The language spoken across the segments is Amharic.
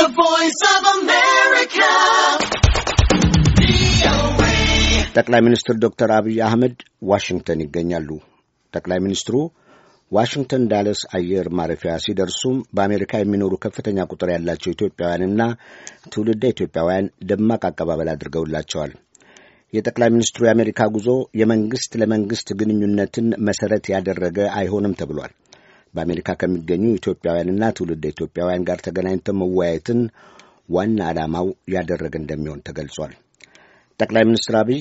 The Voice of America. ጠቅላይ ሚኒስትር ዶክተር አብይ አህመድ ዋሽንግተን ይገኛሉ። ጠቅላይ ሚኒስትሩ ዋሽንግተን ዳለስ አየር ማረፊያ ሲደርሱም በአሜሪካ የሚኖሩ ከፍተኛ ቁጥር ያላቸው ኢትዮጵያውያንና ትውልደ ኢትዮጵያውያን ደማቅ አቀባበል አድርገውላቸዋል። የጠቅላይ ሚኒስትሩ የአሜሪካ ጉዞ የመንግሥት ለመንግሥት ግንኙነትን መሠረት ያደረገ አይሆንም ተብሏል። በአሜሪካ ከሚገኙ ኢትዮጵያውያንና ትውልደ ኢትዮጵያውያን ጋር ተገናኝተው መወያየትን ዋና ዓላማው ያደረገ እንደሚሆን ተገልጿል። ጠቅላይ ሚኒስትር አብይ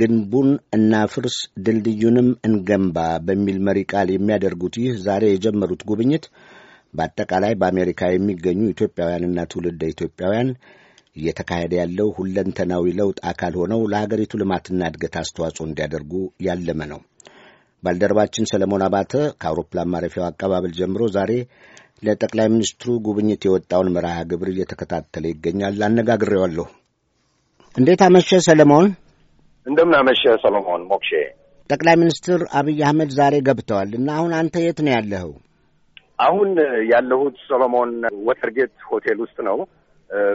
ግንቡን እናፍርስ ድልድዩንም እንገንባ በሚል መሪ ቃል የሚያደርጉት ይህ ዛሬ የጀመሩት ጉብኝት በአጠቃላይ በአሜሪካ የሚገኙ ኢትዮጵያውያንና ትውልደ ኢትዮጵያውያን እየተካሄደ ያለው ሁለንተናዊ ለውጥ አካል ሆነው ለሀገሪቱ ልማትና እድገት አስተዋጽኦ እንዲያደርጉ ያለመ ነው። ባልደረባችን ሰለሞን አባተ ከአውሮፕላን ማረፊያው አቀባበል ጀምሮ ዛሬ ለጠቅላይ ሚኒስትሩ ጉብኝት የወጣውን መርሃ ግብር እየተከታተለ ይገኛል። አነጋግሬዋለሁ። እንዴት አመሸ ሰለሞን? እንደምን አመሸ ሰለሞን ሞክሼ። ጠቅላይ ሚኒስትር አብይ አህመድ ዛሬ ገብተዋል እና አሁን አንተ የት ነው ያለኸው? አሁን ያለሁት ሰሎሞን ወተርጌት ሆቴል ውስጥ ነው።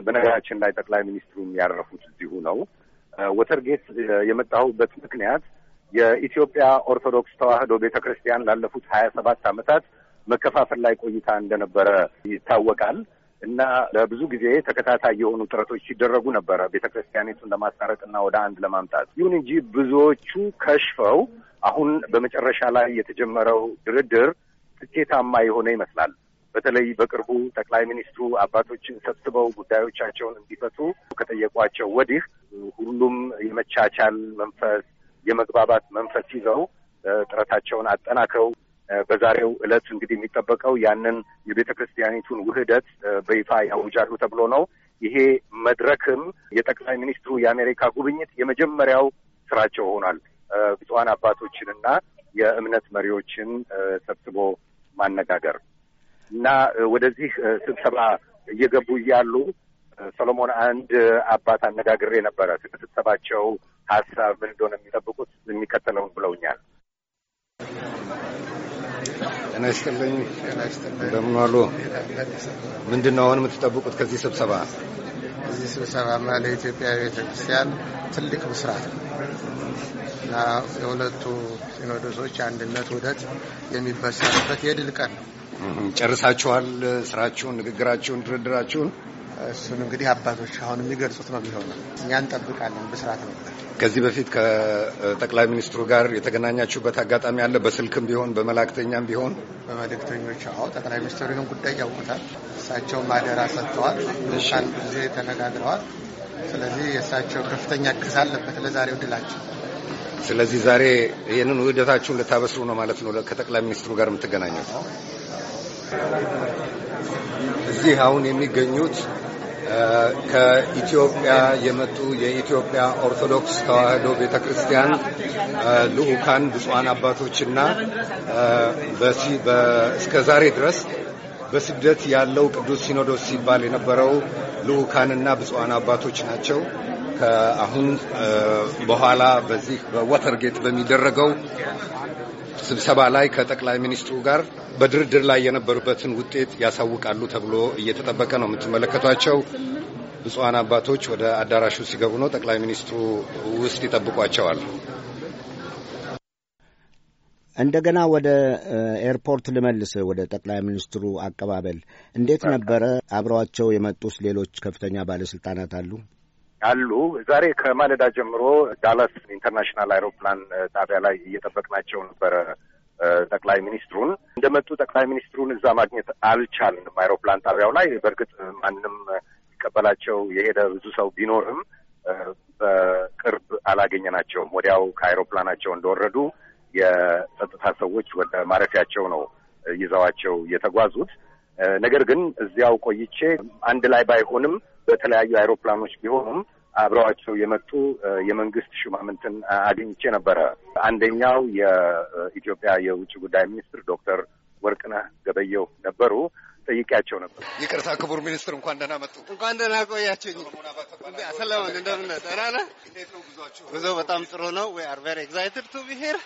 በነገራችን ላይ ጠቅላይ ሚኒስትሩም ያረፉት እዚሁ ነው። ወተርጌት የመጣሁበት ምክንያት የኢትዮጵያ ኦርቶዶክስ ተዋህዶ ቤተ ክርስቲያን ላለፉት ሀያ ሰባት ዓመታት መከፋፈል ላይ ቆይታ እንደነበረ ይታወቃል እና ለብዙ ጊዜ ተከታታይ የሆኑ ጥረቶች ሲደረጉ ነበረ ቤተ ክርስቲያኒቱን ለማስታረቅና ወደ አንድ ለማምጣት። ይሁን እንጂ ብዙዎቹ ከሽፈው አሁን በመጨረሻ ላይ የተጀመረው ድርድር ስኬታማ የሆነ ይመስላል። በተለይ በቅርቡ ጠቅላይ ሚኒስትሩ አባቶችን ሰብስበው ጉዳዮቻቸውን እንዲፈቱ ከጠየቋቸው ወዲህ ሁሉም የመቻቻል መንፈስ የመግባባት መንፈስ ይዘው ጥረታቸውን አጠናክረው በዛሬው ዕለት እንግዲህ የሚጠበቀው ያንን የቤተ ክርስቲያኒቱን ውህደት በይፋ ያውጃሉ ተብሎ ነው። ይሄ መድረክም የጠቅላይ ሚኒስትሩ የአሜሪካ ጉብኝት የመጀመሪያው ስራቸው ሆኗል። ብፁዓን አባቶችንና የእምነት መሪዎችን ሰብስቦ ማነጋገር እና ወደዚህ ስብሰባ እየገቡ እያሉ ሰሎሞን አንድ አባት አነጋግሬ ነበረ። ስብሰባቸው ሀሳብ ምን እንደሆነ የሚጠብቁት የሚከተለውን ብለውኛል። ጤና ይስጥልኝ። እንደምን አሉ? ምንድን ነው አሁን የምትጠብቁት ከዚህ ስብሰባ? እዚህ ስብሰባ ማ ለኢትዮጵያ ቤተክርስቲያን ትልቅ ምስራት ነው እና የሁለቱ ሲኖዶሶች አንድነት ውህደት የሚበሰርበት የድል ቀን ነው። ጨርሳችኋል? ስራችሁን፣ ንግግራችሁን፣ ድርድራችሁን እሱን እንግዲህ አባቶች አሁን የሚገልጹት ነው የሚሆነው። እኛ እንጠብቃለን በስርዓት ነው። ከዚህ በፊት ከጠቅላይ ሚኒስትሩ ጋር የተገናኛችሁበት አጋጣሚ አለ? በስልክም ቢሆን በመላእክተኛም ቢሆን በመልእክተኞች? አዎ፣ ጠቅላይ ሚኒስትሩ ይህን ጉዳይ ያውቁታል። እሳቸውም ማደራ ሰጥተዋል። አንድ ጊዜ ተነጋግረዋል። ስለዚህ የእሳቸው ከፍተኛ እክስ አለበት ለዛሬው ድላቸው። ስለዚህ ዛሬ ይህንን ውህደታችሁን ልታበስሩ ነው ማለት ነው ከጠቅላይ ሚኒስትሩ ጋር የምትገናኘው። እዚህ አሁን የሚገኙት ከኢትዮጵያ የመጡ የኢትዮጵያ ኦርቶዶክስ ተዋሕዶ ቤተ ክርስቲያን ልዑካን ብፁዓን አባቶችና እስከ ዛሬ ድረስ በስደት ያለው ቅዱስ ሲኖዶስ ሲባል የነበረው ልዑካንና ብፁዓን አባቶች ናቸው። ከአሁን በኋላ በዚህ በወተርጌት በሚደረገው ስብሰባ ላይ ከጠቅላይ ሚኒስትሩ ጋር በድርድር ላይ የነበሩበትን ውጤት ያሳውቃሉ ተብሎ እየተጠበቀ ነው። የምትመለከቷቸው ብፁዓን አባቶች ወደ አዳራሹ ሲገቡ ነው። ጠቅላይ ሚኒስትሩ ውስጥ ይጠብቋቸዋል። እንደገና ወደ ኤርፖርት ልመልስ። ወደ ጠቅላይ ሚኒስትሩ አቀባበል እንዴት ነበረ? አብረዋቸው የመጡት ሌሎች ከፍተኛ ባለስልጣናት አሉ? አሉ። ዛሬ ከማለዳ ጀምሮ ዳላስ ኢንተርናሽናል አይሮፕላን ጣቢያ ላይ እየጠበቅናቸው ነበረ ጠቅላይ ሚኒስትሩን። እንደመጡ ጠቅላይ ሚኒስትሩን እዛ ማግኘት አልቻልንም አይሮፕላን ጣቢያው ላይ። በእርግጥ ማንም ይቀበላቸው የሄደ ብዙ ሰው ቢኖርም በቅርብ አላገኘናቸውም። ወዲያው ከአይሮፕላናቸው እንደወረዱ የጸጥታ ሰዎች ወደ ማረፊያቸው ነው ይዘዋቸው የተጓዙት። ነገር ግን እዚያው ቆይቼ አንድ ላይ ባይሆንም በተለያዩ አይሮፕላኖች ቢሆኑም አብረዋቸው የመጡ የመንግስት ሹማምንትን አግኝቼ ነበረ። አንደኛው የኢትዮጵያ የውጭ ጉዳይ ሚኒስትር ዶክተር ወርቅነህ ገበየው ነበሩ። ጠይቄያቸው ነበር። ይቅርታ ክቡር ሚኒስትር፣ እንኳን ደህና መጡ። እንኳን ደህና ቆያችሁ። ሰለሞን እንደምን ደህና ጉዞ በጣም ጥሩ ነው። ዊ አር ቬሪ ኤግዛይትድ ቱ ቢ ሄር።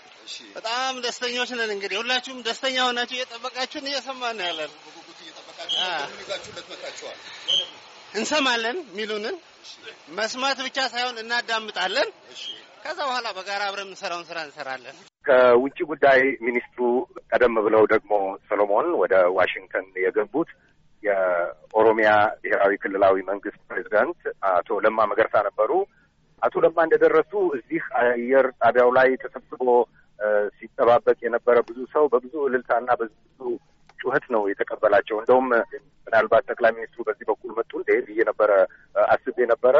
በጣም ደስተኞች ነን። እንግዲህ ሁላችሁም ደስተኛ ሆናችሁ እየጠበቃችሁን እየሰማን ያለን እንሰማለን ሚሉንን መስማት ብቻ ሳይሆን እናዳምጣለን። ከዛ በኋላ በጋራ አብረን የምንሰራውን ስራ እንሰራለን። ከውጭ ጉዳይ ሚኒስትሩ ቀደም ብለው ደግሞ ሰሎሞን ወደ ዋሽንግተን የገቡት የኦሮሚያ ብሔራዊ ክልላዊ መንግስት ፕሬዚዳንት አቶ ለማ መገርሳ ነበሩ። አቶ ለማ እንደደረሱ እዚህ አየር ጣቢያው ላይ ተሰብስቦ ሲጠባበቅ የነበረ ብዙ ሰው በብዙ እልልታና በብዙ ጩኸት ነው የተቀበላቸው። እንደውም ምናልባት ጠቅላይ ሚኒስትሩ በዚህ በኩል መጡ እንደ ብዬ ነበረ አስቤ ነበረ።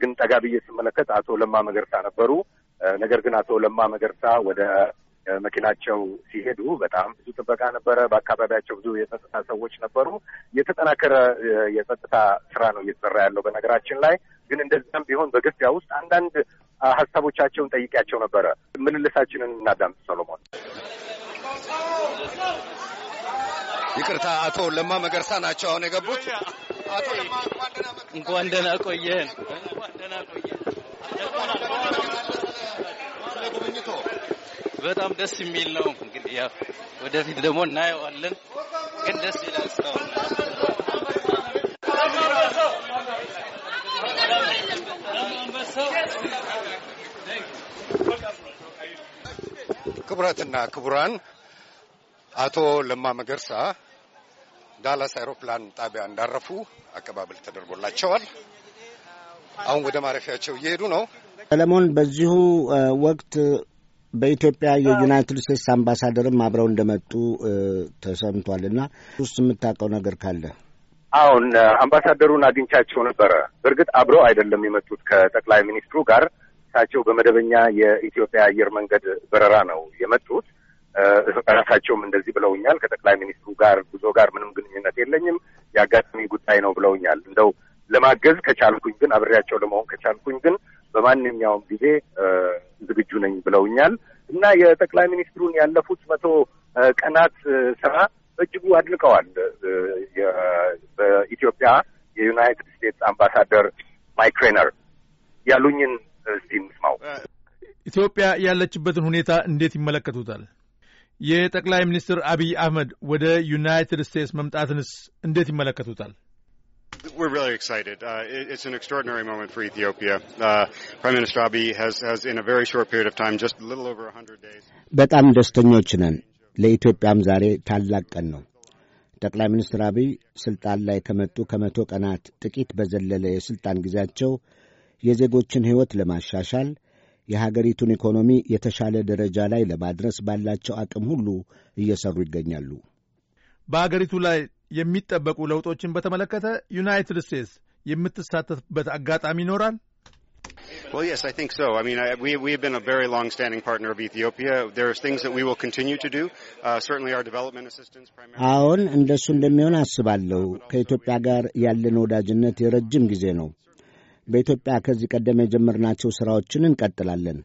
ግን ጠጋ ብዬ ስመለከት አቶ ለማ መገርሳ ነበሩ። ነገር ግን አቶ ለማ መገርሳ ወደ መኪናቸው ሲሄዱ በጣም ብዙ ጥበቃ ነበረ። በአካባቢያቸው ብዙ የጸጥታ ሰዎች ነበሩ። የተጠናከረ የጸጥታ ስራ ነው እየተሰራ ያለው። በነገራችን ላይ ግን እንደዚያም ቢሆን በግፊያ ውስጥ አንዳንድ ሀሳቦቻቸውን ጠይቄያቸው ነበረ። ምልልሳችንን እናዳምጥ ሰሎሞን። ይቅርታ፣ አቶ ለማ መገርሳ ናቸው አሁን የገቡት። አቶ ለማ እንኳን ደህና ቆየህን። በጣም ደስ የሚል ነው። እንግዲህ ያው ወደፊት ደግሞ እናየዋለን፣ ግን ደስ ይላል። ክቡራትና ክቡራን አቶ ለማ መገርሳ ዳላስ አይሮፕላን ጣቢያ እንዳረፉ አቀባበል ተደርጎላቸዋል። አሁን ወደ ማረፊያቸው እየሄዱ ነው። ሰለሞን፣ በዚሁ ወቅት በኢትዮጵያ የዩናይትድ ስቴትስ አምባሳደርም አብረው እንደመጡ ተሰምቷል እና ውስጥ የምታውቀው ነገር ካለ? አሁን አምባሳደሩን አግኝቻቸው ነበረ። በእርግጥ አብረው አይደለም የመጡት ከጠቅላይ ሚኒስትሩ ጋር እሳቸው በመደበኛ የኢትዮጵያ አየር መንገድ በረራ ነው የመጡት። ራሳቸውም እንደዚህ ብለውኛል። ከጠቅላይ ሚኒስትሩ ጋር ጉዞ ጋር ምንም ግንኙነት የለኝም የአጋጣሚ ጉዳይ ነው ብለውኛል። እንደው ለማገዝ ከቻልኩኝ ግን አብሬያቸው ለመሆን ከቻልኩኝ ግን በማንኛውም ጊዜ ዝግጁ ነኝ ብለውኛል እና የጠቅላይ ሚኒስትሩን ያለፉት መቶ ቀናት ስራ በእጅጉ አድንቀዋል። በኢትዮጵያ የዩናይትድ ስቴትስ አምባሳደር ማይክ ሬነር ያሉኝን እስቲ ምስማው። ኢትዮጵያ ያለችበትን ሁኔታ እንዴት ይመለከቱታል? የጠቅላይ ሚኒስትር አብይ አህመድ ወደ ዩናይትድ ስቴትስ መምጣትንስ እንዴት ይመለከቱታል? We're really excited. Uh, it's an extraordinary moment for Ethiopia. Uh, Prime Minister Abiy has, has, in a very short period of time, just a little over 100 days. በጣም ደስተኞች ነን። ለኢትዮጵያም ዛሬ ታላቅ ቀን ነው። ጠቅላይ ሚኒስትር አብይ ስልጣን ላይ ከመጡ ከመቶ ቀናት ጥቂት በዘለለ የስልጣን ጊዜያቸው የዜጎችን ሕይወት ለማሻሻል የሀገሪቱን ኢኮኖሚ የተሻለ ደረጃ ላይ ለማድረስ ባላቸው አቅም ሁሉ እየሰሩ ይገኛሉ። በሀገሪቱ ላይ የሚጠበቁ ለውጦችን በተመለከተ ዩናይትድ ስቴትስ የምትሳተፍበት አጋጣሚ ይኖራል? አዎን፣ እንደሱ እንደሚሆን አስባለሁ። ከኢትዮጵያ ጋር ያለን ወዳጅነት የረጅም ጊዜ ነው። በኢትዮጵያ ከዚህ ቀደም የጀመርናቸው ሥራዎችን እንቀጥላለን።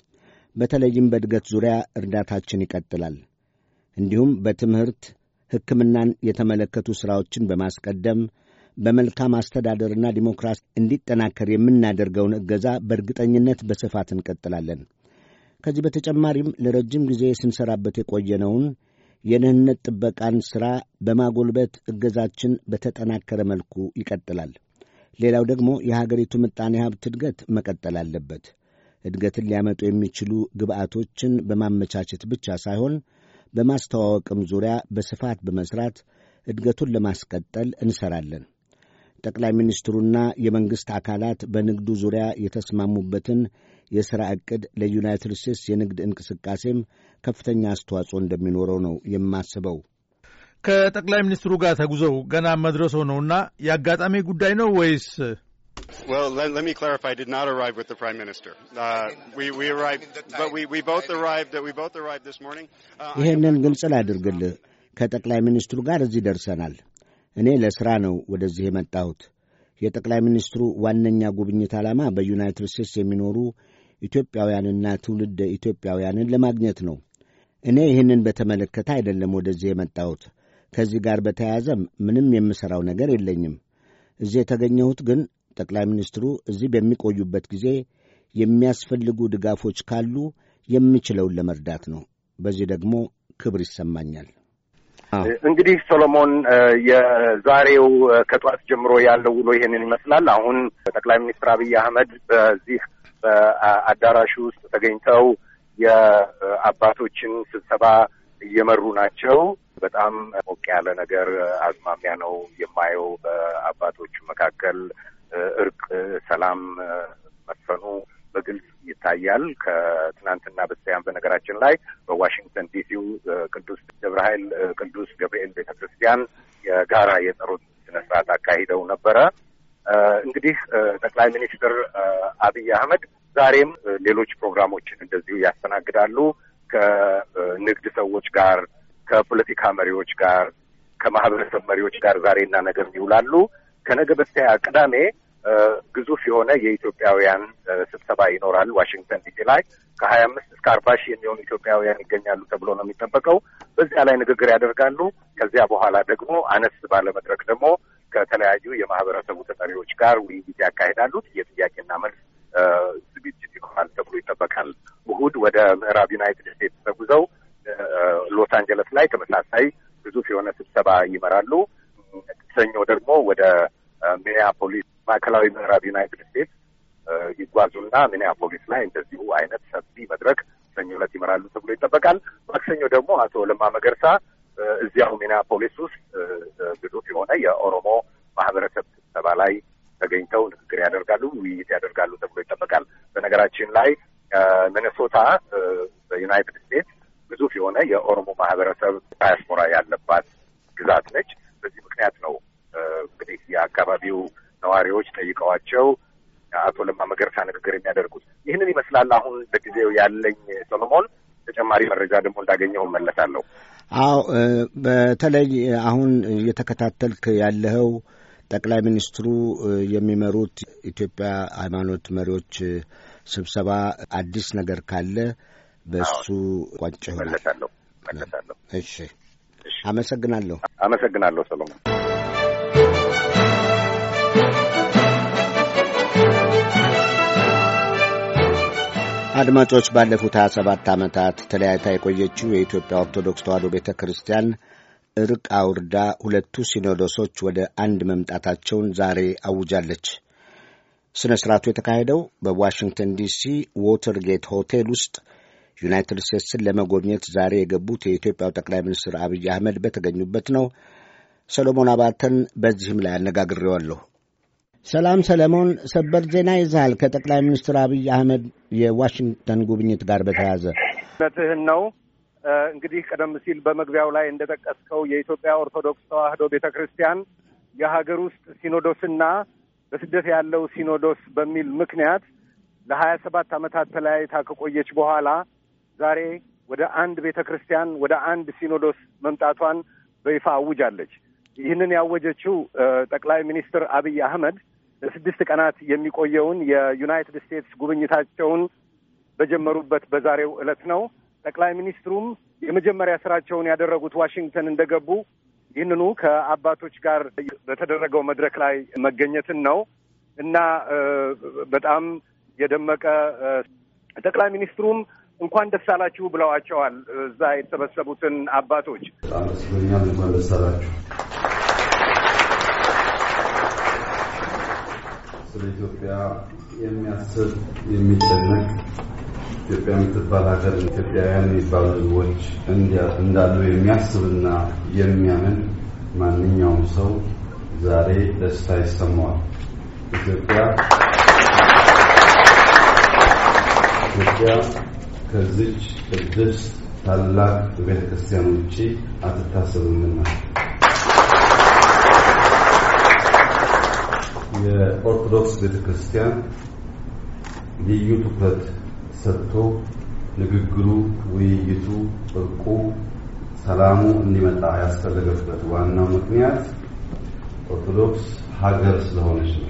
በተለይም በእድገት ዙሪያ እርዳታችን ይቀጥላል። እንዲሁም በትምህርት ሕክምናን የተመለከቱ ሥራዎችን በማስቀደም በመልካም አስተዳደርና ዲሞክራሲ እንዲጠናከር የምናደርገውን እገዛ በእርግጠኝነት በስፋት እንቀጥላለን። ከዚህ በተጨማሪም ለረጅም ጊዜ ስንሰራበት የቆየነውን የደህንነት ጥበቃን ሥራ በማጎልበት እገዛችን በተጠናከረ መልኩ ይቀጥላል። ሌላው ደግሞ የሀገሪቱ ምጣኔ ሀብት እድገት መቀጠል አለበት። እድገትን ሊያመጡ የሚችሉ ግብአቶችን በማመቻቸት ብቻ ሳይሆን በማስተዋወቅም ዙሪያ በስፋት በመስራት እድገቱን ለማስቀጠል እንሰራለን። ጠቅላይ ሚኒስትሩና የመንግሥት አካላት በንግዱ ዙሪያ የተስማሙበትን የሥራ ዕቅድ ለዩናይትድ ስቴትስ የንግድ እንቅስቃሴም ከፍተኛ አስተዋጽኦ እንደሚኖረው ነው የማስበው። ከጠቅላይ ሚኒስትሩ ጋር ተጉዘው ገና መድረሶ ነውና የአጋጣሚ ጉዳይ ነው ወይስ? Well, let, let me clarify. I did not arrive with the prime minister. Uh, we, we arrived, but we, we both arrived. We both arrived this morning. Uh, ግልጽ ላድርግልህ። ከጠቅላይ ሚኒስትሩ ጋር እዚህ ደርሰናል። እኔ ለሥራ ነው ወደዚህ የመጣሁት። የጠቅላይ ሚኒስትሩ ዋነኛ ጉብኝት ዓላማ በዩናይትድ ስቴትስ የሚኖሩ ኢትዮጵያውያንና ትውልድ ኢትዮጵያውያንን ለማግኘት ነው። እኔ ይህንን በተመለከተ አይደለም ወደዚህ የመጣሁት። ከዚህ ጋር በተያያዘ ምንም የምሠራው ነገር የለኝም። እዚህ የተገኘሁት ግን ጠቅላይ ሚኒስትሩ እዚህ በሚቆዩበት ጊዜ የሚያስፈልጉ ድጋፎች ካሉ የምችለውን ለመርዳት ነው። በዚህ ደግሞ ክብር ይሰማኛል። እንግዲህ ሶሎሞን፣ የዛሬው ከጠዋት ጀምሮ ያለው ውሎ ይሄንን ይመስላል። አሁን ጠቅላይ ሚኒስትር አብይ አህመድ በዚህ በአዳራሹ ውስጥ ተገኝተው የአባቶችን ስብሰባ እየመሩ ናቸው። በጣም ሞቅ ያለ ነገር አዝማሚያ ነው የማየው። በአባቶቹ መካከል እርቅ፣ ሰላም መስፈኑ በግልጽ ይታያል። ከትናንትና በስቲያን በነገራችን ላይ በዋሽንግተን ዲሲው ቅዱስ ደብረ ኃይል ቅዱስ ገብርኤል ቤተ ክርስቲያን የጋራ የጸሎት ስነ ስርዓት አካሂደው ነበረ። እንግዲህ ጠቅላይ ሚኒስትር አብይ አህመድ ዛሬም ሌሎች ፕሮግራሞችን እንደዚሁ ያስተናግዳሉ። ከንግድ ሰዎች ጋር ከፖለቲካ መሪዎች ጋር ከማህበረሰብ መሪዎች ጋር ዛሬና ነገም ይውላሉ። ከነገ በስቲያ ቅዳሜ ግዙፍ የሆነ የኢትዮጵያውያን ስብሰባ ይኖራል ዋሽንግተን ዲሲ ላይ ከሀያ አምስት እስከ አርባ ሺህ የሚሆኑ ኢትዮጵያውያን ይገኛሉ ተብሎ ነው የሚጠበቀው። በዚያ ላይ ንግግር ያደርጋሉ። ከዚያ በኋላ ደግሞ አነስ ባለ መድረክ ደግሞ ከተለያዩ የማህበረሰቡ ተጠሪዎች ጋር ውይይት ያካሂዳሉ። የጥያቄና መልስ ዝግጅት ይኖራል ተብሎ ይጠበቃል። እሁድ ወደ ምዕራብ ዩናይትድ ስቴትስ ተጉዘው ሎስ አንጀለስ ላይ ተመሳሳይ ግዙፍ የሆነ ስብሰባ ይመራሉ። ሰኞ ደግሞ ወደ ሚኒያፖሊስ ማዕከላዊ ምዕራብ ዩናይትድ ስቴትስ ይጓዙና ሚኒያፖሊስ ላይ እንደዚሁ አይነት ሰፊ መድረክ ሰኞ ዕለት ይመራሉ ተብሎ ይጠበቃል። ማክሰኞ ደግሞ አቶ ለማ መገርሳ እዚያው ሚኒያፖሊስ ውስጥ ግዙፍ የሆነ የኦሮሞ ማህበረሰብ ስብሰባ ላይ ተገኝተው ንግግር ያደርጋሉ፣ ውይይት ያደርጋሉ ተብሎ ይጠበቃል። በነገራችን ላይ ሚኒሶታ በዩናይትድ ስቴትስ የሆነ የኦሮሞ ማህበረሰብ ዳያስፖራ ያለባት ግዛት ነች። በዚህ ምክንያት ነው እንግዲህ የአካባቢው ነዋሪዎች ጠይቀዋቸው አቶ ለማ መገርሳ ንግግር የሚያደርጉት ይህንን ይመስላል። አሁን ለጊዜው ያለኝ ሰሎሞን፣ ተጨማሪ መረጃ ደግሞ እንዳገኘው እመለሳለሁ። አዎ፣ በተለይ አሁን እየተከታተልክ ያለኸው ጠቅላይ ሚኒስትሩ የሚመሩት ኢትዮጵያ ሃይማኖት መሪዎች ስብሰባ አዲስ ነገር ካለ በእሱ ቋጭ መለሳለሁ መለሳለሁ። እሺ፣ አመሰግናለሁ። አመሰግናለሁ ሰሎሞን። አድማጮች ባለፉት 27 ዓመታት ተለያይታ የቆየችው የኢትዮጵያ ኦርቶዶክስ ተዋሕዶ ቤተ ክርስቲያን እርቅ አውርዳ ሁለቱ ሲኖዶሶች ወደ አንድ መምጣታቸውን ዛሬ አውጃለች። ሥነ ሥርዓቱ የተካሄደው በዋሽንግተን ዲሲ ዎተርጌት ሆቴል ውስጥ ዩናይትድ ስቴትስን ለመጎብኘት ዛሬ የገቡት የኢትዮጵያው ጠቅላይ ሚኒስትር አብይ አህመድ በተገኙበት ነው። ሰሎሞን አባተን በዚህም ላይ አነጋግሬዋለሁ። ሰላም ሰለሞን፣ ሰበር ዜና ይዛል ከጠቅላይ ሚኒስትር አብይ አህመድ የዋሽንግተን ጉብኝት ጋር በተያያዘ ነትህን ነው። እንግዲህ ቀደም ሲል በመግቢያው ላይ እንደጠቀስከው የኢትዮጵያ ኦርቶዶክስ ተዋህዶ ቤተ ክርስቲያን የሀገር ውስጥ ሲኖዶስና በስደት ያለው ሲኖዶስ በሚል ምክንያት ለሀያ ሰባት ዓመታት ተለያይታ ከቆየች በኋላ ዛሬ ወደ አንድ ቤተ ክርስቲያን ወደ አንድ ሲኖዶስ መምጣቷን በይፋ አውጃለች። ይህንን ያወጀችው ጠቅላይ ሚኒስትር አብይ አህመድ ለስድስት ቀናት የሚቆየውን የዩናይትድ ስቴትስ ጉብኝታቸውን በጀመሩበት በዛሬው ዕለት ነው። ጠቅላይ ሚኒስትሩም የመጀመሪያ ስራቸውን ያደረጉት ዋሽንግተን እንደገቡ ይህንኑ ከአባቶች ጋር በተደረገው መድረክ ላይ መገኘትን ነው እና በጣም የደመቀ ጠቅላይ ሚኒስትሩም እንኳን ደስ አላችሁ ብለዋቸዋል። እዛ የተሰበሰቡትን አባቶች አመስግኖኛል። እንኳን ደስ አላችሁ። ስለ ኢትዮጵያ የሚያስብ የሚጨነቅ ኢትዮጵያ የምትባል ሀገር ኢትዮጵያውያን የሚባሉ ሕዝቦች እንዳሉ የሚያስብና የሚያምን ማንኛውም ሰው ዛሬ ደስታ ይሰማዋል። ኢትዮጵያ ከዚች ቅድስት ታላቅ ቤተክርስቲያን ውጭ አትታሰብምና የኦርቶዶክስ ቤተክርስቲያን ልዩ ትኩረት ሰጥቶ ንግግሩ፣ ውይይቱ፣ እርቁ፣ ሰላሙ እንዲመጣ ያስፈለገበት ዋናው ምክንያት ኦርቶዶክስ ሀገር ስለሆነች ነው።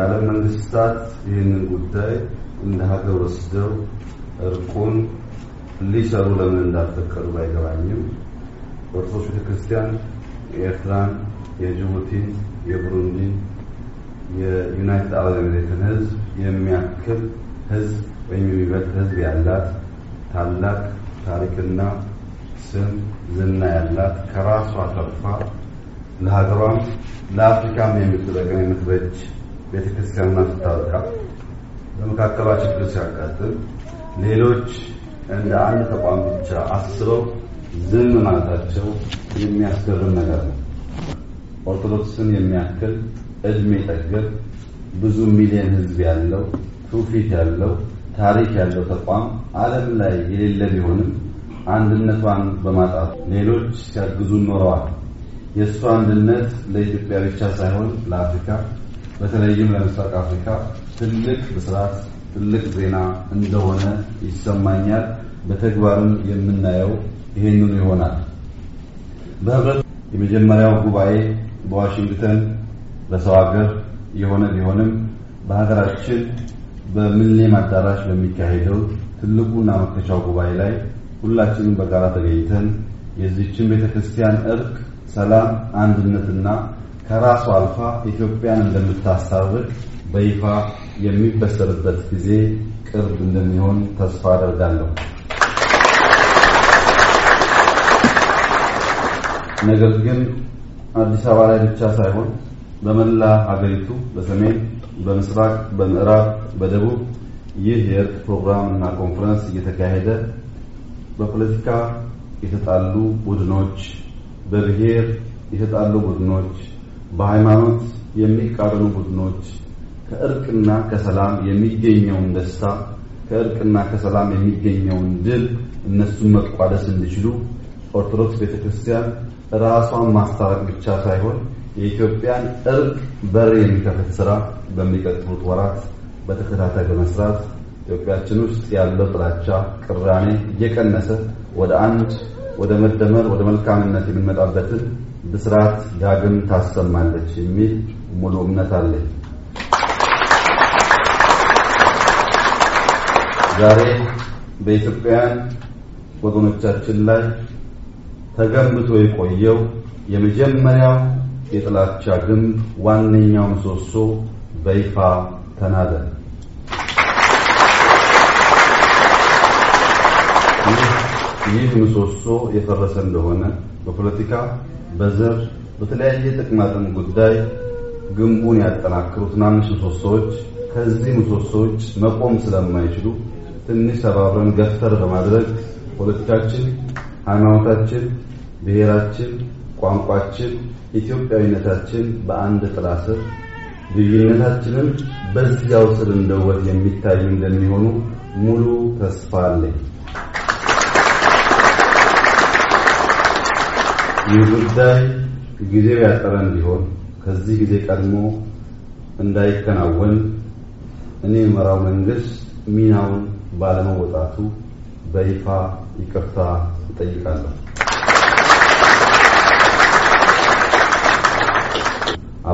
የዓለም መንግስታት ይህንን ጉዳይ እንደ ሀገር ወስደው እርቁን ሊሰሩ ለምን እንዳልፈቀዱ ባይገባኝም ኦርቶዶክስ ቤተክርስቲያን የኤርትራን፣ የጅቡቲን፣ የቡሩንዲን፣ የዩናይትድ አረብ ኤሚሬትን ህዝብ የሚያክል ህዝብ ወይም የሚበልጥ ህዝብ ያላት ታላቅ ታሪክና ስም ዝና ያላት ከራሷ ተርፋ ለሀገሯም ለአፍሪካም የምትበቀን የምትበጅ ቤተክርስቲያንና ስታበቃ በመካከላችን ችግር ሲያጋጥም ሌሎች እንደ አንድ ተቋም ብቻ አስበው ዝም ማለታቸው የሚያስገርም ነገር ነው። ኦርቶዶክስን የሚያክል እድሜ ጠገብ ብዙ ሚሊዮን ህዝብ ያለው ትውፊት ያለው ታሪክ ያለው ተቋም ዓለም ላይ የሌለ ቢሆንም አንድነቷን በማጣት ሌሎች ሲያግዙ ኖረዋል። የእሱ አንድነት ለኢትዮጵያ ብቻ ሳይሆን ለአፍሪካ በተለይም ለምስራቅ አፍሪካ ትልቅ ብስራት፣ ትልቅ ዜና እንደሆነ ይሰማኛል። በተግባርም የምናየው ይሄንኑ ይሆናል። በህብረት የመጀመሪያው ጉባኤ በዋሽንግተን በሰው ሀገር የሆነ ቢሆንም በሀገራችን በሚሊኒየም አዳራሽ በሚካሄደው ትልቁና መክፈቻው ጉባኤ ላይ ሁላችንም በጋራ ተገኝተን የዚችን ቤተክርስቲያን እርቅ፣ ሰላም፣ አንድነትና ከራሱ አልፋ ኢትዮጵያን እንደምታስታርቅ በይፋ የሚበሰርበት ጊዜ ቅርብ እንደሚሆን ተስፋ አደርጋለሁ። ነገር ግን አዲስ አበባ ላይ ብቻ ሳይሆን በመላ ሀገሪቱ በሰሜን፣ በምስራቅ፣ በምዕራብ፣ በደቡብ ይህ የእርቅ ፕሮግራም እና ኮንፈረንስ እየተካሄደ በፖለቲካ የተጣሉ ቡድኖች፣ በብሔር የተጣሉ ቡድኖች በሃይማኖት የሚቃረኑ ቡድኖች ከእርቅና ከሰላም የሚገኘውን ደስታ ከእርቅና ከሰላም የሚገኘውን ድል እነሱን መቋደስ እንዲችሉ ኦርቶዶክስ ቤተክርስቲያን ራሷን ማስታረቅ ብቻ ሳይሆን የኢትዮጵያን እርቅ በር የሚከፍት ስራ በሚቀጥሉት ወራት በተከታታይ በመስራት ኢትዮጵያችን ውስጥ ያለው ጥላቻ፣ ቅራኔ እየቀነሰ ወደ አንድ ወደ መደመር ወደ መልካምነት የምንመጣበትን ብስራት ዳግም ታሰማለች የሚል ሙሉ እምነት አለኝ። ዛሬ በኢትዮጵያውያን ወገኖቻችን ላይ ተገንብቶ የቆየው የመጀመሪያው የጥላቻ ግንብ ዋነኛው ምሰሶ በይፋ ተናደ። ይህ ምሰሶ የፈረሰ እንደሆነ በፖለቲካ በዘር በተለያየ ጥቅማጥም ጉዳይ ግንቡን ያጠናክሩ ትናንሽ ምሰሶዎች ከዚህ ምሰሶዎች መቆም ስለማይችሉ ትንሽ ሰባብረን ገፍተር በማድረግ ፖለቲካችን፣ ሃይማኖታችን፣ ብሔራችን፣ ቋንቋችን፣ ኢትዮጵያዊነታችን በአንድ ጥላ ስር ልዩነታችንም በዚያው ስር እንደወት የሚታዩ እንደሚሆኑ ሙሉ ተስፋ አለኝ። ይህ ጉዳይ ጊዜው ያጠረ እንዲሆን ከዚህ ጊዜ ቀድሞ እንዳይከናወን እኔ የመራው መንግስት ሚናውን ባለመወጣቱ በይፋ ይቅርታ እጠይቃለሁ።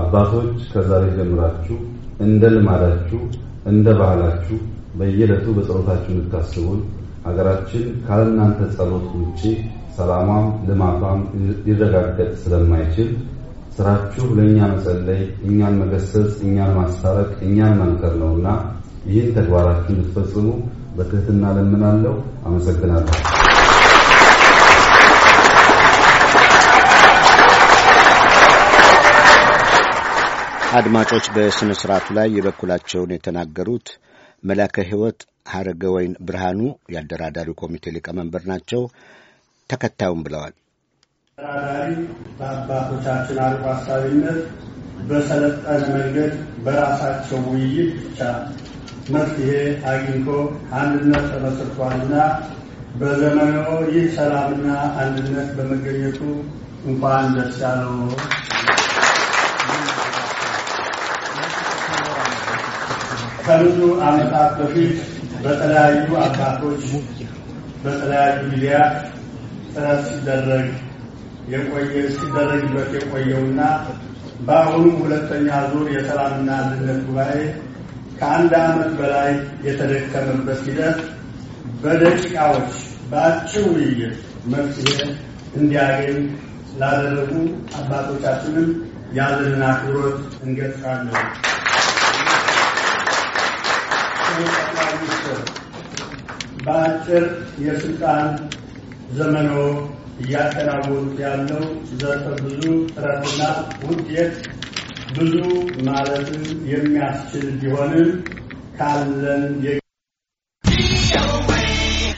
አባቶች ከዛሬ ጀምራችሁ እንደ ልማዳችሁ እንደ ባህላችሁ በየዕለቱ በጸሎታችሁ እንድታስቡን ሀገራችን ካለእናንተ ጸሎት ውጪ ሰላሟም ልማቷም ሊረጋገጥ ስለማይችል ስራችሁ ለእኛ መጸለይ፣ እኛን መገሰጽ፣ እኛን ማስታረቅ፣ እኛን መምከር ነውና ይህን ተግባራችሁን ልትፈጽሙ በትህትና ለምናለሁ። አመሰግናለሁ። አድማጮች በሥነ ሥርዓቱ ላይ የበኩላቸውን የተናገሩት መላከ ሕይወት ሐረገወይን ብርሃኑ የአደራዳሪው ኮሚቴ ሊቀመንበር ናቸው። ተከታዩም ብለዋል። ተራዳሪ በአባቶቻችን አርቆ አሳቢነት በሰለጠነ መንገድ በራሳቸው ውይይት ብቻ መፍትሄ አግኝቶ አንድነት ተመስርቷልና በዘመኑ ይህ ሰላምና አንድነት በመገኘቱ እንኳን ደስ ያለው። ከብዙ ዓመታት በፊት በተለያዩ አባቶች በተለያዩ ጊዜያት ጥረት ሲደረግ የቆየ ሲደረግበት የቆየውና በአሁኑ ሁለተኛ ዙር የሰላምና አንድነት ጉባኤ ከአንድ ዓመት በላይ የተደከመበት ሂደት በደቂቃዎች በአጭር ውይይት መፍትሄ እንዲያገኝ ላደረጉ አባቶቻችንም ያለንን አክብሮት እንገልጻለን። በአጭር የስልጣን ዘመኖ እያከናወኑት ያለው ዘርፈ ብዙ ጥረትና ውጤት ብዙ ማለትም የሚያስችል ቢሆንም ካለን